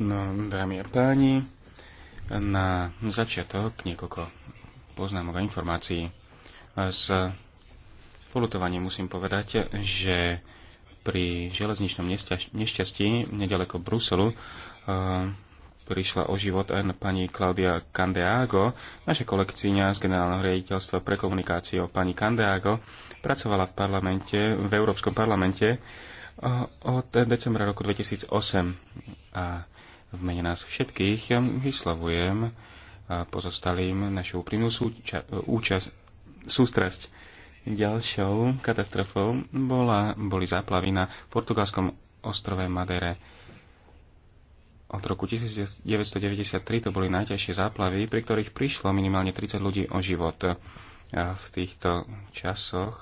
No, dámy a páni, na začiatok niekoľko poznámok a informácií. S polutovaním musím povedať, že pri železničnom nešťastí nedaleko Bruselu prišla o život aj pani Claudia Candeago. Naša kolekcíňa z generálneho riaditeľstva pre komunikáciu pani Candeago pracovala v parlamente, v Európskom parlamente od decembra roku 2008 a v mene nás všetkých vyslovujem e, pozostalým našu úprimnú sústrasť. Ďalšou katastrofou bola, boli záplavy na portugalskom ostrove Madere. Od roku 1993 to boli najťažšie záplavy, pri ktorých prišlo minimálne 30 ľudí o život. A v týchto časoch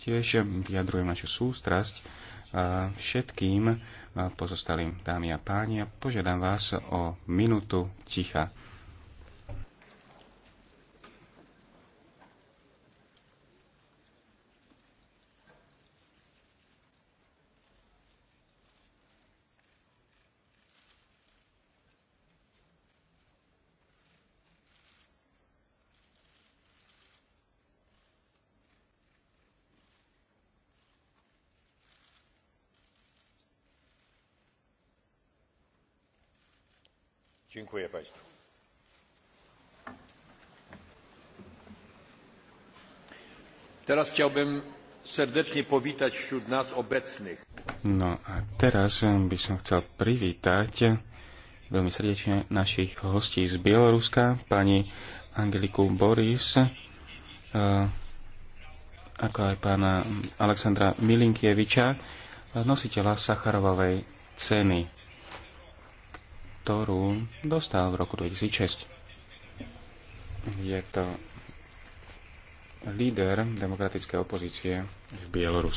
tiež vyjadrujem našu sústrasť všetkým pozostalým dámy a páni a požiadam vás o minútu ticha. dziękuję państwu. teraz chciałbym serdecznie powitać wśród nas obecnych. No a teraz by som chcel privítať veľmi srdečne našich hostí z Bieloruska, pani Angeliku Boris, e, ako aj pána Aleksandra Milinkieviča, nositeľa Sacharovovej ceny ktorú dostal v roku 2006. Je to líder demokratickej opozície v Bielorusku.